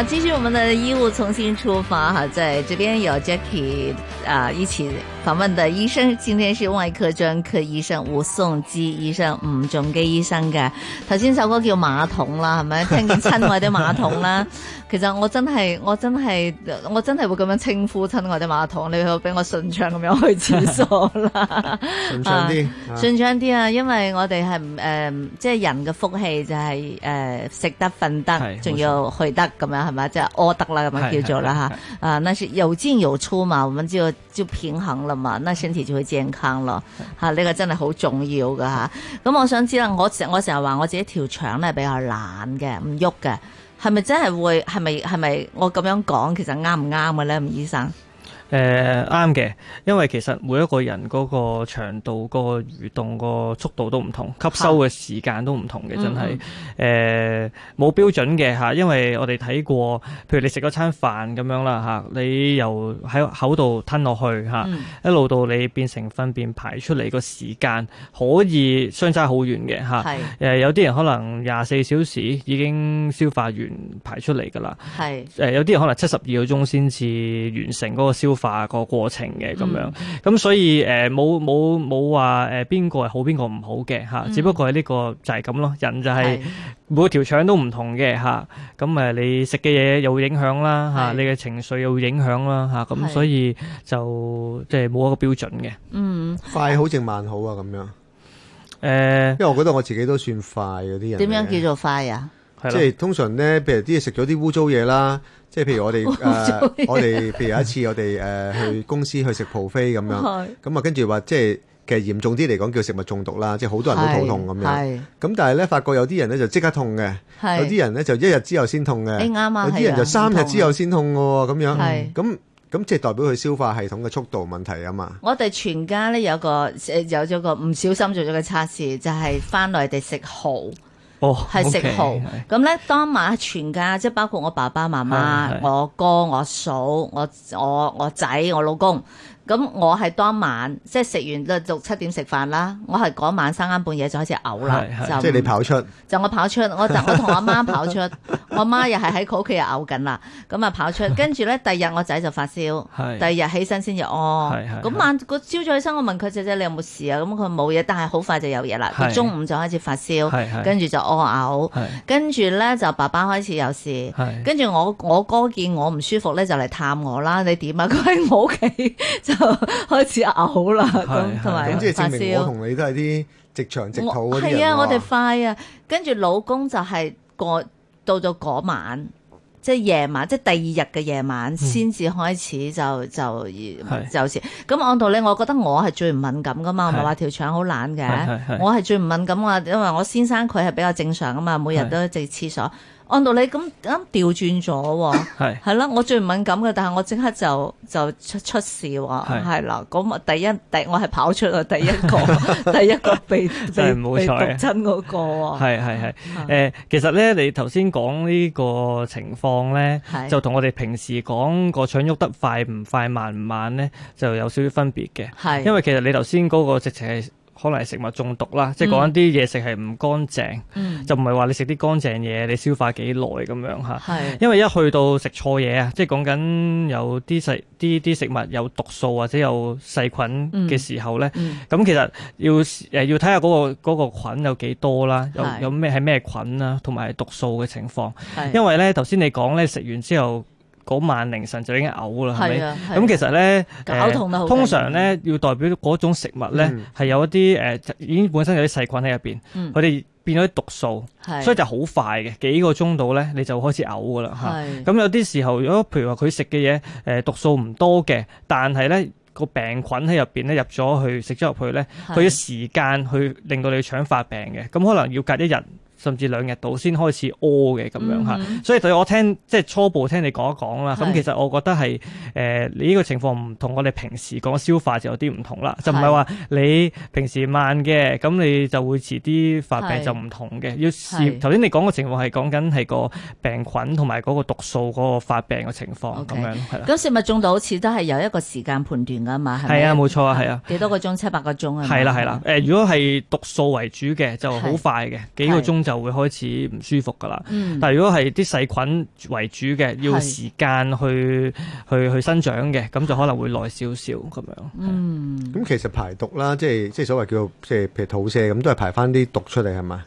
好，繼續我們的醫務重新出發哈，在這邊有 Jackie 啊一起。訪問的醫生，今天是外科專科醫生吳頌基醫生、吳仲基醫生嘅。頭先首歌叫馬桶啦，係咪？聽見親愛的馬桶啦。其實我真係，我真係，我真係會咁樣稱呼親愛的馬桶。你可俾我順暢咁樣去廁所啦，順暢啲，順暢啲啊！因為我哋係誒，即係人嘅福氣就係誒食得、瞓得，仲要去得咁樣係咪？即係屙得啦，咁樣叫做啦吓。啊，那是有進有出嘛，我們就。就平衡啦嘛，那身體就會健康咯。吓的，呢、啊這個真係好重要噶吓。咁、啊、我想知啦，我成我成日話我自己條腸咧比較懶嘅，唔喐嘅，係咪真係會？係咪係咪我咁樣講，其實啱唔啱嘅咧，吳醫生？誒啱嘅，因為其實每一個人個長度、個蠕動、個速度都唔同，吸收嘅時間都唔同嘅，真係誒冇標準嘅吓。因為我哋睇過，譬如你食咗餐飯咁樣啦吓，你由喺口度吞落去吓，嗯、一路到你變成糞便排出嚟個時間，可以相差好遠嘅吓。係誒是、呃、有啲人可能廿四小時已經消化完排出嚟噶啦，係誒是、呃、有啲人可能七十二個鐘先至完成個消化。化個過程嘅咁樣，咁、嗯、所以誒冇冇冇話誒邊個係好邊個唔好嘅吓，嗯、只不過係呢個就係咁咯，人就係每條腸都唔同嘅吓，咁誒你食嘅嘢有影響啦吓，你嘅是、啊、情緒有影響啦吓，咁是、啊、所以就即係冇一個標準嘅，嗯，快好定慢好啊咁樣，誒、呃，因為我覺得我自己都算快嗰啲人，點樣叫做快啊？即係通常咧，譬如啲嘢食咗啲污糟嘢啦，即係譬如我哋髒、呃，我哋譬如有一次我哋誒、呃、去公司去食蒲飛咁樣，咁啊 是的 跟住話即係其實嚴重啲嚟講叫食物中毒啦，即係好多人都肚痛咁樣。咁是的 但係咧，發覺有啲人咧就即刻痛嘅，有啲人咧就一日之後先痛嘅，啱啊的，有啲人就三日之後先痛嘅咁是的 樣。咁、嗯、咁是的 即係代表佢消化系統嘅速度問題啊嘛。我哋全家咧有個有咗個唔小心做咗個測試，就係返內地食蠔。哦，係食號，咁咧當晚全家，即係包括我爸爸媽媽、是是我哥、我嫂、我我我仔、我老公，咁我係當晚即係食完咧，做七點食飯啦，我係嗰晚三更半夜就開始嘔啦，是是就即係你跑出，就我跑出，我就我同阿媽跑出。 我媽又係喺佢屋企又嘔緊啦，咁啊跑出，跟住咧第二日我仔就發燒，第二日起身先就屙，咁晚個朝早起身我問佢姐姐，你有冇事啊？咁佢冇嘢，但係好快就有嘢啦，佢中午就開始發燒，跟住就屙嘔，跟住咧就爸爸開始有事，跟住我我哥見我唔舒服咧就嚟探我啦，你點啊？佢喺我屋企就開始嘔啦，咁同埋我同你都係啲直腸直肚嗰啲人啊。係啊，我哋快啊，跟住老公就係過。到咗嗰晚，即係夜晚，即係第二日嘅夜晚，先至、嗯、開始就就就似。咁是按道理，我覺得我係最唔敏感㗎嘛，是我唔係話條腸好懶嘅，我係最唔敏感啊，因為我先生佢係比較正常㗎嘛，每日都直廁所。按道理咁啱調轉咗，係係是啦，我最唔敏感嘅，但係我即刻就就出出事喎，係啦是，咁第一第我係跑出去第一個， 第一個被唔被毒真嗰個，係係係，誒，其實咧，你頭先講呢個情況咧，就同我哋平時講個腸喐得快唔快慢唔慢咧，就有少少分別嘅，係 是因為其實你頭先嗰個直情係。可能係食物中毒啦，即係講緊啲嘢食係唔乾淨，嗯、就唔係話你食啲乾淨嘢，你消化幾耐咁樣嚇。是因為一去到食錯嘢啊，即係講緊有啲食啲啲食物有毒素或者有細菌嘅時候咧，咁、嗯嗯、其實要誒要睇下嗰個嗰個菌有幾多啦，有有咩係咩菌啦，同埋毒素嘅情況。是因為咧頭先你講咧食完之後。嗰晚凌晨就已經嘔啦，係咪？咁其實咧，頭痛、嗯、通常咧要代表嗰種食物咧係有一啲誒、嗯、已經本身有啲細菌喺入邊，佢哋、嗯、變咗啲毒素，的所以就好快嘅幾個鐘度咧你就開始嘔噶啦嚇。咁的有啲時候如果譬如話佢食嘅嘢誒毒素唔多嘅，但係咧個病菌喺入邊咧入咗去食咗入去咧，佢嘅時間去令到你腸發病嘅，咁可能要隔一日。甚至兩日到先開始屙嘅咁樣嚇，所以對我聽即係初步聽你講一講啦。咁其實我覺得係誒你呢個情況唔同我哋平時講消化就有啲唔同啦，就唔係話你平時慢嘅，咁你就會遲啲發病就唔同嘅。要試頭先你講嘅情況係講緊係個病菌同埋嗰個毒素嗰個發病嘅情況咁樣。係啦。咁食物中毒好似都係有一個時間判斷㗎嘛，係咪？係啊，冇錯啊，係啊。幾多個鐘？七八個鐘啊？係啦係啦。誒，如果係毒素為主嘅就好快嘅幾個鐘。就會開始唔舒服噶啦，嗯、但係如果係啲細菌為主嘅，要時間去是去去生長嘅，咁就可能會耐少少咁樣。嗯，咁其實排毒啦，即係即係所謂叫即係譬如肚瀉咁，都係排翻啲毒出嚟係咪？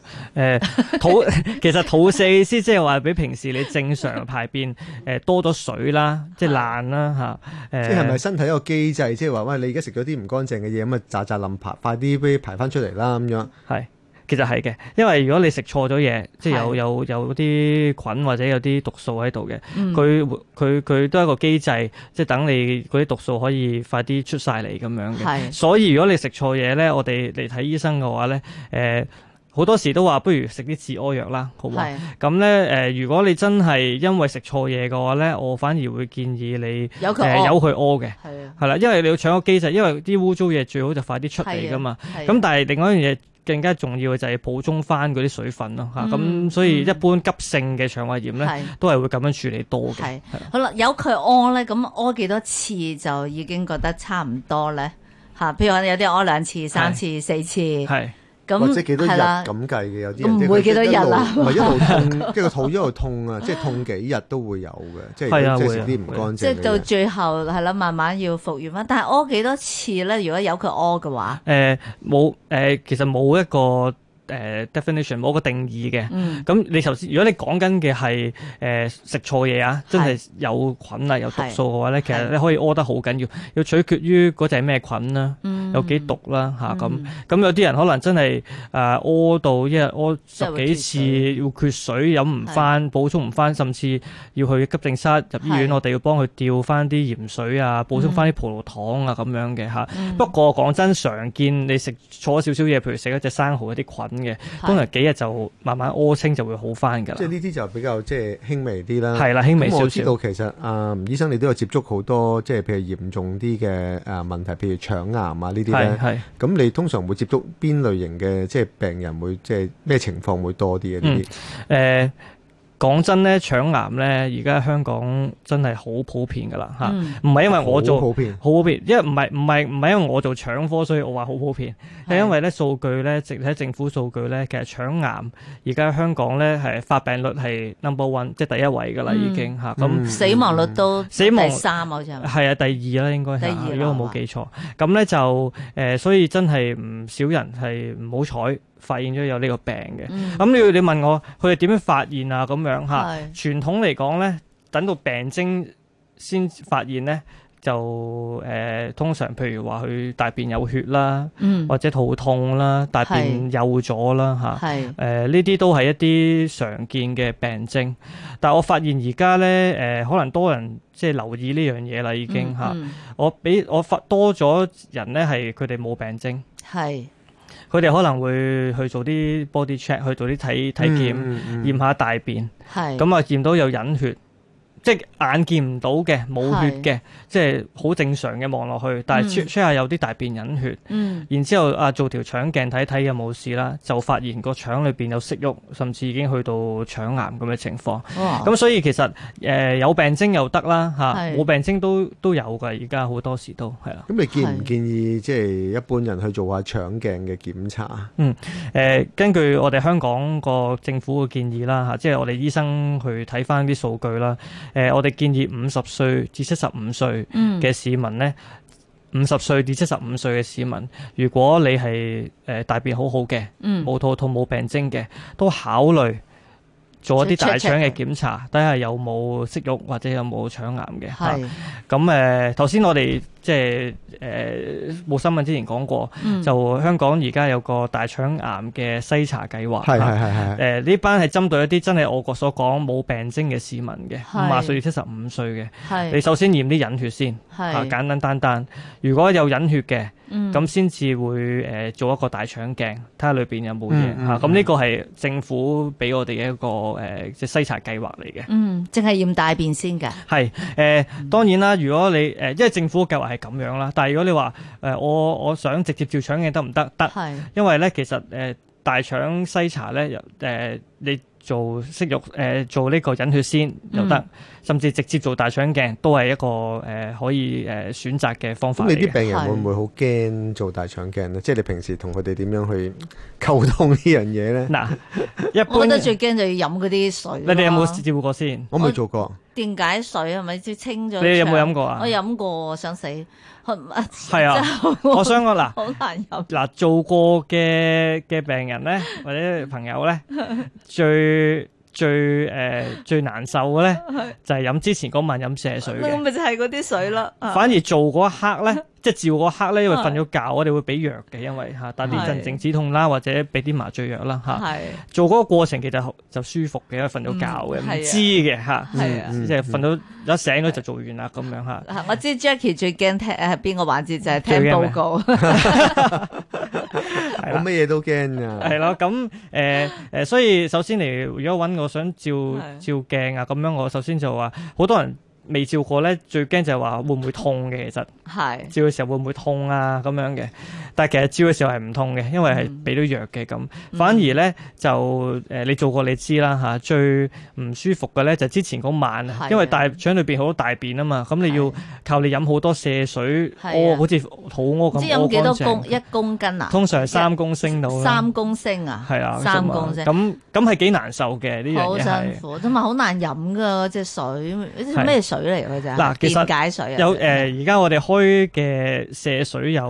誒，肚、欸、其實肚瀉先即係話比平時你正常排便誒、呃、多咗水啦，即係爛啦吓誒。即係咪身體有一個機制，即係話喂，你而家食咗啲唔乾淨嘅嘢，咁啊喳喳冧排，快啲俾排翻出嚟啦咁樣。係。其實係嘅，因為如果你食錯咗嘢，即係有有有啲菌或者有啲毒素喺度嘅，佢佢佢都係一個機制，即係等你嗰啲毒素可以快啲出晒嚟咁樣嘅。所以如果你食錯嘢咧，我哋嚟睇醫生嘅話咧，誒好多時都話不如食啲治屙藥啦，好嘛？係。咁咧誒，如果你真係因為食錯嘢嘅話咧，我反而會建議你有去屙嘅，係啦，因為你要搶個機制，因為啲污糟嘢最好就快啲出嚟㗎嘛。係。咁但係另外一樣嘢。更加重要嘅就係補充翻嗰啲水分咯，吓，咁、嗯啊、所以一般急性嘅腸胃炎咧，是都係會咁樣處理多嘅。係是好啦，有佢屙咧，咁屙幾多次就已經覺得差唔多咧，吓、啊、譬如可能有啲屙兩次、三次、是四次。咁即係幾多日？咁計嘅有啲人唔會幾多日，唔係一路痛， 即係個肚一路痛啊，即係痛幾日都會有嘅，即係 即係啲唔乾淨。即係到最後係啦， 慢慢要復原返。但係屙幾多次咧？如果有佢屙嘅話，誒冇誒，其實冇一個。誒 definition 冇個定義嘅，咁你頭先如果你講緊嘅係誒食錯嘢啊，真係有菌啊，有毒素嘅話咧，其實你可以屙得好緊要，要取決於嗰隻咩菌啊，有幾毒啦嚇咁。咁有啲人可能真係誒屙到一日屙十幾次，要缺水飲唔翻，補充唔翻，甚至要去急症室入醫院，我哋要幫佢吊翻啲鹽水啊，補充翻啲葡萄糖啊咁樣嘅嚇。不過講真，常見你食錯少少嘢，譬如食一隻生蠔有啲菌。嘅，通常幾日就慢慢屙清就會好翻噶啦。即係呢啲就比較即係輕微啲啦。係啦，輕微小小。我知道其實啊，吳、嗯、醫生你都有接觸好多即係譬如嚴重啲嘅誒問題，譬如腸癌啊呢啲咧。係的。咁你通常會接觸邊類型嘅即係病人會即係咩情況會多啲啊？呢啲誒。呃講真咧，腸癌咧，而家香港真係好普遍噶啦，吓，唔係因為我做好普遍，因為唔係唔係唔係因為我做腸科，所以我話好普遍，係因為咧數據咧，直睇政府數據咧，其實腸癌而家香港咧係發病率係 number one，即係第一位噶啦，已經吓咁，死亡率都死亡三好似係啊，第二啦應該，如果我冇記錯，咁咧就誒，所以真係唔少人係唔好彩。發現咗有呢個病嘅，咁你、嗯、你問我佢哋點樣發現啊？咁樣吓，傳是統嚟講咧，等到病徵先發現咧，就誒、呃、通常譬如話佢大便有血啦，嗯、或者肚痛啦，大便幼咗啦吓，誒呢啲都係一啲常見嘅病徵。但我發現而家咧，誒、呃、可能多人即係留意呢樣嘢啦，已經吓，嗯嗯、我比我發多咗人咧係佢哋冇病徵。係是。佢哋可能會去做啲 body check，去做啲體體檢，嗯嗯、驗下大便，咁啊是驗到有隱血。即係眼見唔到嘅，冇血嘅，是即係好正常嘅望落去。但係 check check 下有啲大便隱血，嗯、然之後啊做條腸鏡睇睇有冇事啦，就發現個腸裏邊有息肉，甚至已經去到腸癌咁嘅情況。咁、哦嗯、所以其實誒、呃、有病徵又得啦嚇，冇病徵都都有㗎。而家好多時都係啦。咁你建唔建議即係一般人去做下腸鏡嘅檢查啊？是嗯誒、呃，根據我哋香港個政府嘅建議啦嚇，即係我哋醫生去睇翻啲數據啦。誒，我哋建議五十歲至七十五歲嘅市民呢，五十歲至七十五歲嘅市民，如果你係誒大便好好嘅，冇、嗯、肚痛冇病徵嘅，都考慮做一啲大腸嘅檢查，睇下有冇息肉或者有冇腸癌嘅。係。咁誒、啊，頭先、呃、我哋。即係誒，冇新聞之前講過，就香港而家有個大腸癌嘅篩查計劃。係係係係。誒呢班係針對一啲真係我國所講冇病徵嘅市民嘅，五十歲至七十五歲嘅。你首先驗啲隱血先，嚇簡簡單單。如果有隱血嘅，咁先至會誒做一個大腸鏡，睇下裏邊有冇嘢嚇。咁呢個係政府俾我哋嘅一個誒即係篩查計劃嚟嘅。嗯，淨係驗大便先㗎？係誒，當然啦。如果你誒，因為政府嘅計劃。係咁樣啦，但係如果你話誒、呃，我我想直接照腸鏡得唔得？得，因為咧其實誒、呃、大腸篩查咧，又、呃、誒你做息肉誒做呢個隱血先又得。嗯甚至直接做大腸鏡都係一個誒、呃、可以誒、呃、選擇嘅方法。你啲病人會唔會好驚做大腸鏡咧？的即係你平時同佢哋點樣去溝通呢樣嘢咧？嗱，一般我覺得最驚就要飲嗰啲水。你哋有冇接試過先？我冇做過。電解水係咪即係清咗？你有冇飲過啊？我飲過，想死，係啊！我想講嗱，好難飲，嗱 做過嘅嘅病人咧，或者朋友咧，最。 最誒、呃、最難受嘅咧，就係飲之前嗰晚飲瀉水嘅，咁咪就係嗰啲水咯。反而做嗰一刻咧。 即係照個刻咧，因為瞓咗覺，我哋會俾藥嘅，因為吓，打啲鎮靜止痛啦，或者俾啲麻醉藥啦，吓。係做嗰個過程其實就舒服嘅，瞓咗覺嘅，唔知嘅吓，即係瞓到一醒咗就做完啦咁樣吓。我知 Jackie 最驚聽係邊個環節就係聽報告，我乜嘢都驚啊。係啦，咁誒誒，所以首先嚟，如果揾我想照照鏡啊，咁樣我首先就話好多人。未照過咧，最驚就係話會唔會痛嘅。其實係照嘅時候會唔會痛啊？咁樣嘅，但係其實照嘅時候係唔痛嘅，因為係俾到藥嘅咁。反而咧就誒，你做過你知啦嚇。最唔舒服嘅咧就之前嗰晚，因為大腸裏邊好多大便啊嘛，咁你要靠你飲好多瀉水屙，好似肚屙咁。知飲幾多公一公斤啊？通常係三公升到。三公升啊？係啊，三公升。咁咁係幾難受嘅呢樣嘢。好辛苦，同埋好難飲㗎嗰隻水，咩？水嚟嘅啫，嗱，其實電解水有誒，而家我哋開嘅瀉水有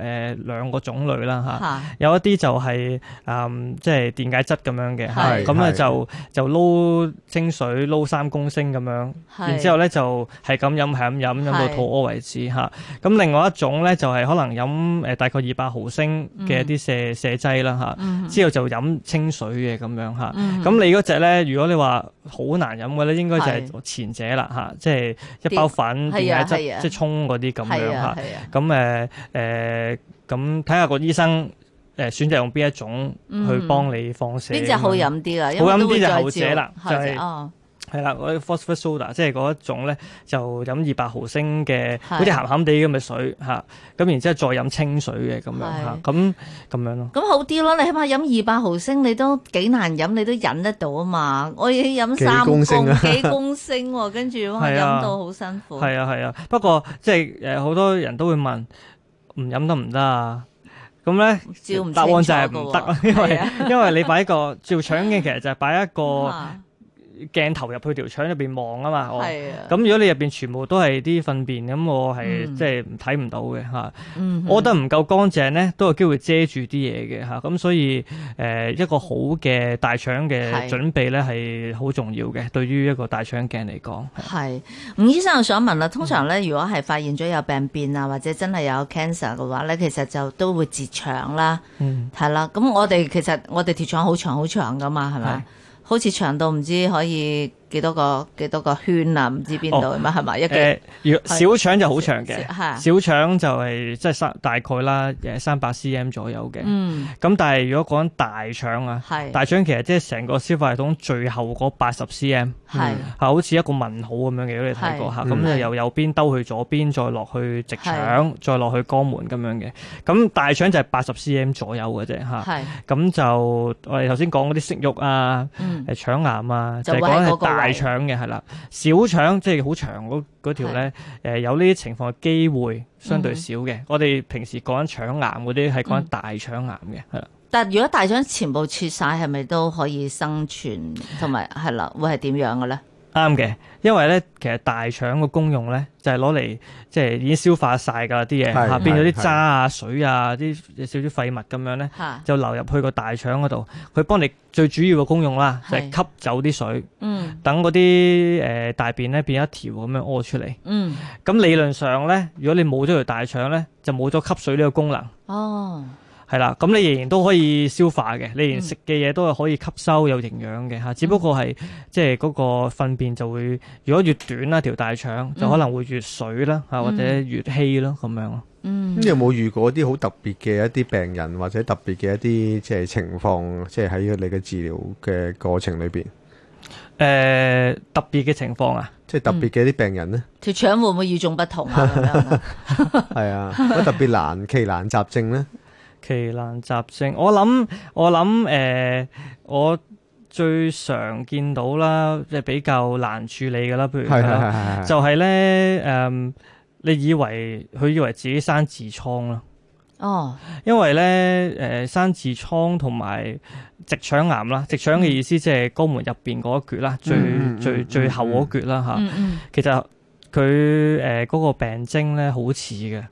誒兩個種類啦，吓，有一啲就係誒即係電解質咁樣嘅，咁咧就就撈清水撈三公升咁樣，然之後咧就係咁飲係咁飲飲到肚屙為止吓，咁另外一種咧就係可能飲誒大概二百毫升嘅一啲瀉瀉劑啦吓，之後就飲清水嘅咁樣吓，咁你嗰隻咧如果你話。好難飲嘅咧，應該就係前者啦，吓是，即係一包粉點解、啊、即係沖嗰啲咁樣吓，咁誒誒，咁睇下個醫生誒選擇用邊一種去幫你放射。邊隻、嗯、好飲啲啊，好飲啲就後者啦，者就係、是。哦係、那個嗯、啦，嗰啲 phosphor soda，即係嗰一種咧，就飲二百毫升嘅，好似咸咸地咁嘅水吓，咁然之後再飲清水嘅咁樣吓，咁咁樣咯。咁好啲咯，你起碼飲二百毫升，你都幾難飲，你都忍得到啊嘛。我要飲三公升幾公升，跟住哇，飲到好辛苦。係啊係啊，不過即係誒，好、呃、多人都會問唔飲得唔得啊？咁咧，照唔？答案就係唔得，因為,、嗯、因,為 因為你擺一個照腸嘅，其實就係擺一個。 鏡頭入去條腸入邊望啊嘛，咁的、哦、如果你入邊全部都係啲糞便，咁我係、嗯、即係睇唔到嘅吓。嗯、哼我覺得唔夠乾淨咧，都有機會遮住啲嘢嘅吓。咁、啊、所以誒、呃、一個好嘅大腸嘅準備咧，係好是重要嘅。對於一個大腸鏡嚟講，係。吳醫生，我想問啦，通常咧，如果係發現咗有病變啊，嗯、哼或者真係有 cancer 嘅話咧，其實就都會截腸啦，係啦、嗯哼。咁我哋其實我哋條腸好長好長噶嘛，係咪？好似長度唔知可以。幾多個幾多個圈啊？唔知邊度咁啊？係嘛？一嘅，若小腸就好長嘅，小腸就係即係三大概啦，三百 cm 左右嘅。咁但係如果講大腸啊，大腸其實即係成個消化系統最後嗰八十 cm，係好似一個問號咁樣嘅，如果你睇過吓，咁就由右邊兜去左邊，再落去直腸，再落去肛門咁樣嘅。咁大腸就係八十 cm 左右嘅啫吓。咁就我哋頭先講嗰啲息肉啊，誒腸癌啊，就講係大。大腸嘅係啦，小腸即係好長嗰條咧，誒的、呃、有呢啲情況嘅機會相對少嘅。嗯、我哋平時講緊腸癌嗰啲係講緊大腸癌嘅，係啦、嗯嗯。但係如果大腸全部切晒，係咪都可以生存同埋係啦？會係點樣嘅咧？啱嘅，因為咧，其實大腸個功用咧，就係攞嚟即係已經消化曬㗎喇啲嘢嚇，變咗啲渣啊、水啊、啲少少廢物咁樣咧，是就流入去個大腸嗰度，佢幫你最主要嘅功用啦，是就係吸走啲水，嗯、等嗰啲誒大便咧變一條咁樣屙出嚟。咁、嗯、理論上咧，如果你冇咗條大腸咧，就冇咗吸水呢個功能。哦。係啦，咁你仍然都可以消化嘅，你連食嘅嘢都係可以吸收有營養嘅吓，只不過係即係嗰個糞便就會，如果越短啦條大腸，就可能會越水啦吓，或者越稀咯咁樣咯。嗯，有冇遇過啲好特別嘅一啲病人或者特別嘅一啲即係情況，即係喺你嘅治療嘅過程裏邊？誒，特別嘅情況啊，即係特別嘅一啲病人呢？條腸會唔會與眾不同啊？咁係啊，有特別難奇難雜症咧？奇難雜症，我諗我諗誒、呃，我最常見到啦，即係比較難處理㗎啦。譬如 就係咧誒，你以為佢以為自己生痔瘡啦，哦，因為咧誒、呃，生痔瘡同埋直腸癌啦，嗯、直腸嘅意思即係肛門入邊嗰一橛啦，最嗯嗯嗯嗯最最，最後嗰橛啦吓。其實佢誒嗰個病徵咧，好似嘅，的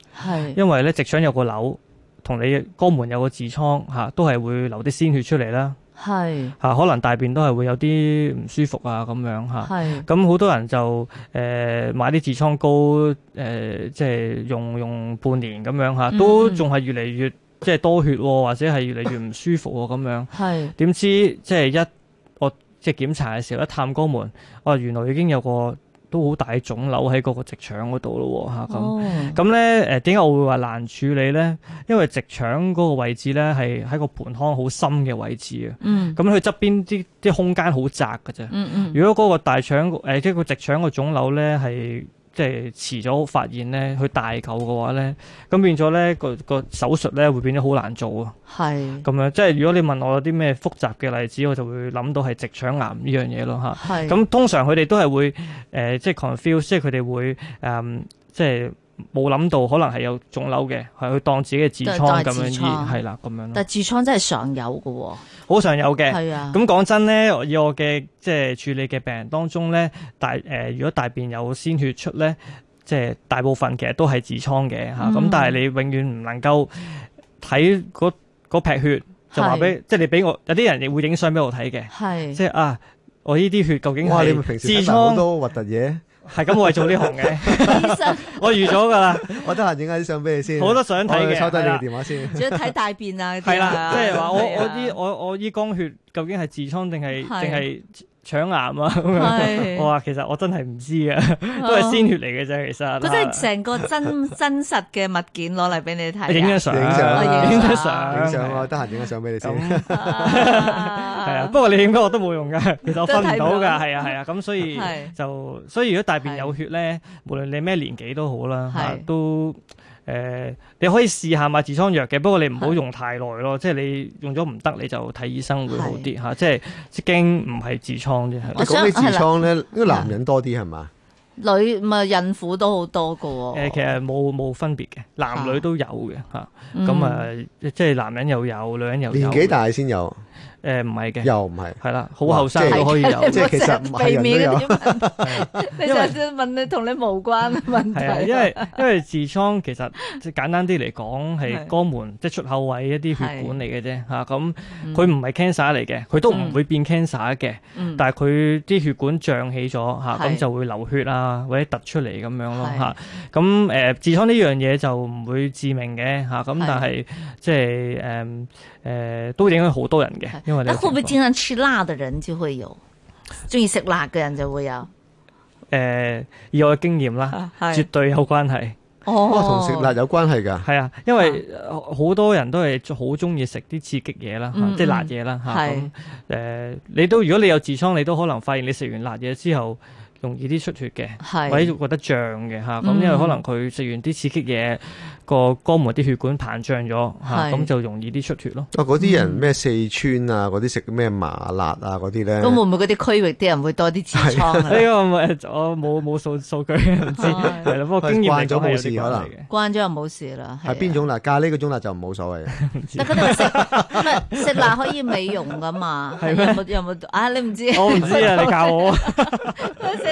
的因為咧直腸有個瘤。同你肛門有個痔瘡嚇、啊，都係會流啲鮮血出嚟啦。係嚇是、啊，可能大便都係會有啲唔舒服啊咁樣嚇。係、啊、咁，好是多人就誒、呃、買啲痔瘡膏誒、呃，即係用用半年咁樣嚇，都仲係越嚟越即係多血或者係越嚟越唔舒服咁樣。係點知即係一我即係檢查嘅時候一探肛門，哇、啊、原來已經有個。都好大腫瘤喺嗰個直腸嗰度咯，嚇咁咁咧誒？點解我會話難處理咧？因為直腸嗰個位置咧係喺個盆腔好深嘅位置啊，咁佢側邊啲啲空間好窄㗎啫。嗯嗯，如果嗰個大、呃那個、腸誒即係個直腸個腫瘤咧係。即係遲咗發現咧，去大瘤嘅話咧，咁變咗咧個個手術咧會變得好難做啊！係咁是樣，即係如果你問我有啲咩複雜嘅例子，我就會諗到係直腸癌呢是樣嘢咯吓，係咁，通常佢哋都係會誒、呃，即係 confuse，即係佢哋會誒、呃，即係。冇諗到可能係有腫瘤嘅，係、嗯、去當自己嘅痔瘡咁樣醫，係啦咁樣咯。但係痔瘡真係常有嘅，好常有嘅。係是啊。咁講真咧，以我嘅即係處理嘅病人當中咧，大誒，如果大便有鮮血出咧，即係大部分其實都係痔瘡嘅吓。咁、嗯、但係你永遠唔能夠睇嗰嗰劈血就話俾，是即係你俾我有啲人亦會影相俾我睇嘅。係是。即係啊，我呢啲血究竟係痔瘡？哇！你咪平時睇好多核突嘢。係咁我係做呢行嘅， 我預咗噶啦，我得閒影下啲相俾你先。好多相睇嘅，抽低你嘅電話先。仲要睇大便啊，係 對啦，即係話我我依我我依肛血，究竟係痔瘡定係定係？腸癌啊！我話，其實我真係唔知啊，都係鮮血嚟嘅啫。其實，佢真係成個真真實嘅物件攞嚟俾你睇。影張相，影張相，影張相。我得閒影張相俾你先。係啊，不過你影多我都冇用噶，其實我分唔到噶。係啊係啊，咁所以就所以如果大便有血咧，無論你咩年紀都好啦，都。誒、呃，你可以試下買痔瘡藥嘅，不過你唔好用太耐咯。是的 即係你用咗唔得，你就睇醫生會好啲吓是的。即係已經唔係痔瘡啫。講起痔瘡咧，是的 因為男人多啲係嘛？女咪、嗯、孕婦都好多個、哦，誒、呃、其實冇冇分別嘅，男女都有嘅嚇，咁啊、嗯嗯、即係男人又有，女人又有。年幾大先有？誒唔係嘅。又唔係，係啦，好後生都可以有，即係其實避免。你就算問你同你無關問題。因為因為痔瘡其實即係簡單啲嚟講係肛門 即係出口位一啲血管嚟嘅啫嚇，咁佢唔係 cancer 嚟嘅，佢都唔會變 cancer 嘅、嗯嗯，但係佢啲血管脹起咗嚇，咁、啊、就會流血啦。是或者突出嚟咁樣咯吓，咁誒痔瘡呢樣嘢就唔會致命嘅吓，咁、啊、但係是即係誒誒都影響好多人嘅。因為會唔會經常吃辣嘅人就會有，中意食辣嘅人就會有？誒、呃，以我嘅經驗啦，絕對有關係。哦，同食辣有關係㗎？係、哦、啊，因為好多人都係好中意食啲刺激嘢啦，即係辣嘢啦吓。咁誒，你都如果你有痔瘡，你都可能發現你食完辣嘢之後，容易啲出血嘅，或者覺得脹嘅嚇，咁因為可能佢食完啲刺激嘢，個肛門啲血管膨脹咗，咁就容易啲出血咯。嗰啲人咩四川啊，嗰啲食咩麻辣啊嗰啲咧，咁會唔會嗰啲區域啲人會多啲痔瘡？呢個我冇冇數數據唔知，係啦，不過經驗慣咗冇事可能。慣咗又冇事啦。係邊種辣？咖喱嗰種辣就唔冇所謂，食食辣可以美容噶嘛？有冇啊？你唔知？我唔知啊！你教我。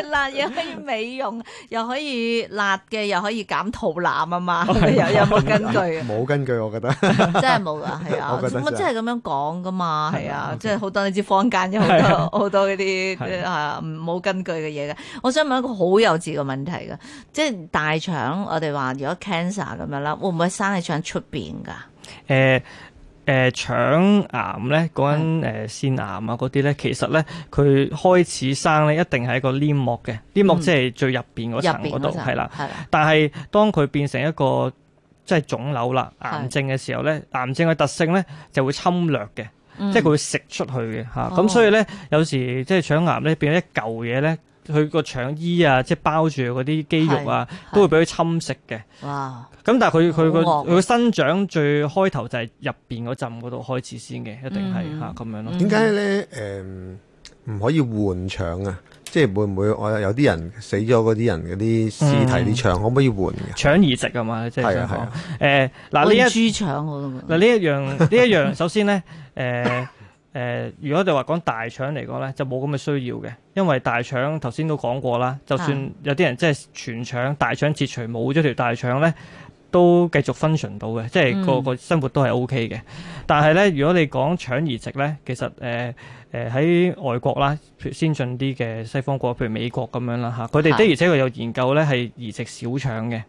辣嘢可以美容，又可以辣嘅又可以減肚腩啊嘛， 有有冇根據啊？冇 根據，我覺得 真係冇啊，係啊，咁真係咁樣講噶嘛，係啊，即係好多你知坊間有好多好多呢啲啊冇根據嘅嘢嘅。我想問一個好幼稚嘅問題噶，即係大腸我哋話如果 cancer 咁樣啦，會唔會生喺腸出邊噶？誒。欸誒、呃、腸癌咧，嗰陣、呃、腺癌啊，嗰啲咧，其實咧，佢開始生咧，一定係一個黏膜嘅，嗯、黏膜即係最入邊嗰層嗰度，係啦。係啦了。的但係當佢變成一個即係腫瘤啦、癌症嘅時候咧，的癌症嘅特性咧就會侵略嘅，嗯、即係佢會食出去嘅嚇。咁、嗯、所以咧，有時即係腸癌咧變咗一嚿嘢咧。佢個腸衣啊，即係包住嗰啲肌肉啊，都會俾佢侵蝕嘅。哇！咁但係佢佢個佢個生長最開頭就係入邊嗰陣嗰度開始先嘅，一定係嚇咁樣咯。點解咧？誒唔可以換腸啊？即係會唔會我有啲人死咗嗰啲人嗰啲屍體啲腸可唔可以換嘅？腸移植啊嘛，即係係啊，係啊，誒嗱呢一豬腸嗰，嗱呢一樣，呢一樣首先咧誒。誒、呃，如果你話講大腸嚟講呢就冇咁嘅需要嘅，因為大腸頭先都講過啦。就算有啲人即係全腸大腸切除冇咗條大腸呢，都繼續 function 到嘅，即係個個生活都係 OK 嘅。但係呢，如果你講腸移植呢，其實誒誒喺外國啦，譬如先進啲嘅西方國，譬如美國咁樣啦嚇，佢哋的而且確有研究呢，係移植小腸嘅。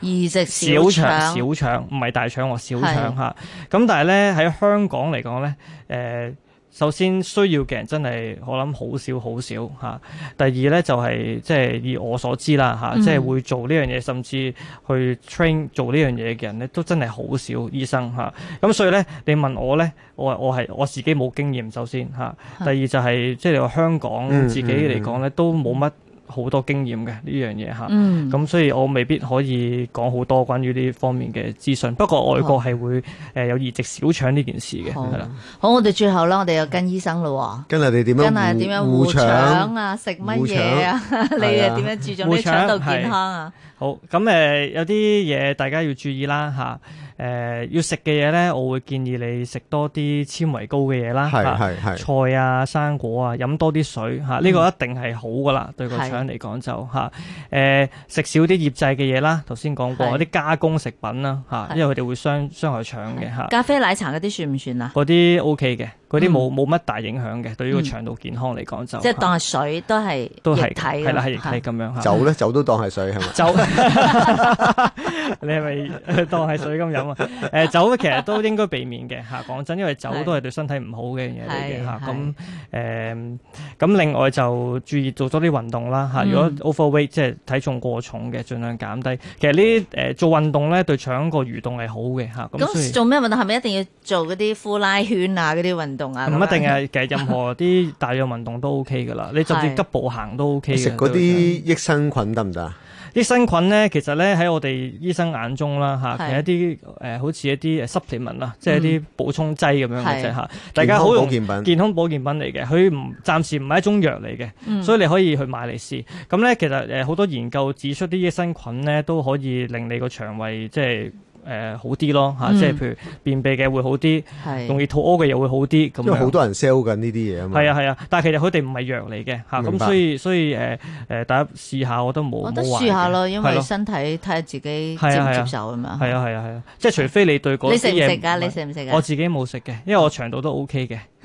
移植小腸，小腸唔係大腸，小腸吓。咁是但係咧喺香港嚟講咧，誒，首先需要嘅人真係我諗好少好少吓。第二咧就係即係以我所知啦吓，嗯、即係會做呢樣嘢，甚至去 train 做呢樣嘢嘅人咧，都真係好少醫生吓。咁所以咧，你問我咧，我我係我自己冇經驗，首先吓。第二就係即係香港自己嚟講咧，都冇乜。好多經驗嘅呢樣嘢嚇，咁、嗯嗯、所以我未必可以講好多關於呢方面嘅資訊。不過外國係會誒有移植小腸呢件事嘅，係啦好。的好，我哋最後啦，我哋又跟醫生嘞喎。跟啊，你哋點樣護護腸啊？食乜嘢啊？腸 你哋點樣注重啲腸道健康啊？好，咁誒、呃、有啲嘢大家要注意啦嚇。誒、呃，要食嘅嘢咧，我會建議你食多啲纖維高嘅嘢啦，係係係菜啊、生果啊，飲多啲水吓，呢、啊這個一定係好噶啦，嗯、對個腸嚟講就吓。誒、啊，食、啊、少啲醃製嘅嘢啦，頭先講過啲是加工食品啦吓，啊、是因為佢哋會傷傷害腸嘅吓。啊、咖啡、奶茶嗰啲算唔算啊？嗰啲 OK 嘅。嗰啲冇冇乜大影響嘅，對於個腸道健康嚟講、嗯、就即係當係水，都係都係液體。係啦，係液體咁樣嚇。酒咧，酒都當係水係嘛？酒，你係咪當係水咁飲啊？誒，酒其實都應該避免嘅嚇。講真，因為酒都係對身體唔好嘅嘢嚟嘅嚇。咁誒咁另外就注意做多啲運動啦嚇。如果 overweight 即係體重過重嘅，儘量減低。其實呢啲、呃、做運動咧對腸個蠕動係好嘅嚇。咁做咩運動，係咪一定要做嗰啲呼拉圈啊嗰啲運動？唔一定係嘅，其實任何啲帶氧運動都 O K 噶啦， 你甚至急步行都 O K 嘅。食嗰啲益生菌得唔得？益生菌咧，其實咧喺我哋醫生眼中啦，吓係是一啲誒、呃，好似一啲誒 supplement 啦，嗯、即係啲補充劑咁樣嘅啫吓。健康保健品健康保健品嚟嘅，佢唔暫時唔係一種藥嚟嘅，嗯、所以你可以去買嚟試。咁咧，其實誒好、呃、多研究指出，啲益生菌咧都可以令你個腸胃即係。誒、呃、好啲咯嚇，即係譬如便秘嘅會好啲，嗯、容易肚屙嘅又會好啲。因為好多人 sell 緊呢啲嘢啊嘛。係啊係啊，但係其實佢哋唔係藥嚟嘅嚇，咁白、啊、所以所以誒誒、呃呃，大家試下我都冇冇玩。試下咯，因為身體睇下、啊、自己接唔接受咁樣。係啊係啊係啊，即係、啊啊啊啊啊、除非你對嗰啲嘢你食嘢食㗎？是你食唔食㗎？我自己冇食嘅，因為我腸道都 OK 嘅。係啦，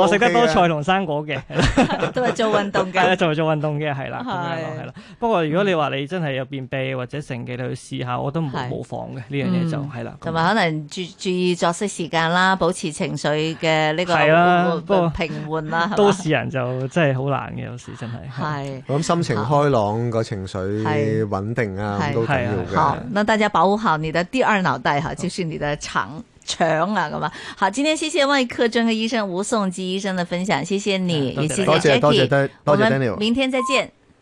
我食得多菜同生果嘅，都係做運動嘅，做做運動嘅係啦，係啦。不過如果你話你真係有便秘或者成記，你去試下，我都唔會模仿嘅呢樣嘢就係啦。同埋可能注注意作息時間啦，保持情緒嘅呢個平緩啦。都市人就真係好難嘅，有時真係。係。咁心情開朗個情緒穩定啊，都重要嘅。好，那大家保護好你的第二腦袋哈，就是你的腸。搶啊咁啊！好，今天謝謝外科專科醫生吳頌基醫生的分享，謝謝你，也謝謝 Jackie，我們明天再見。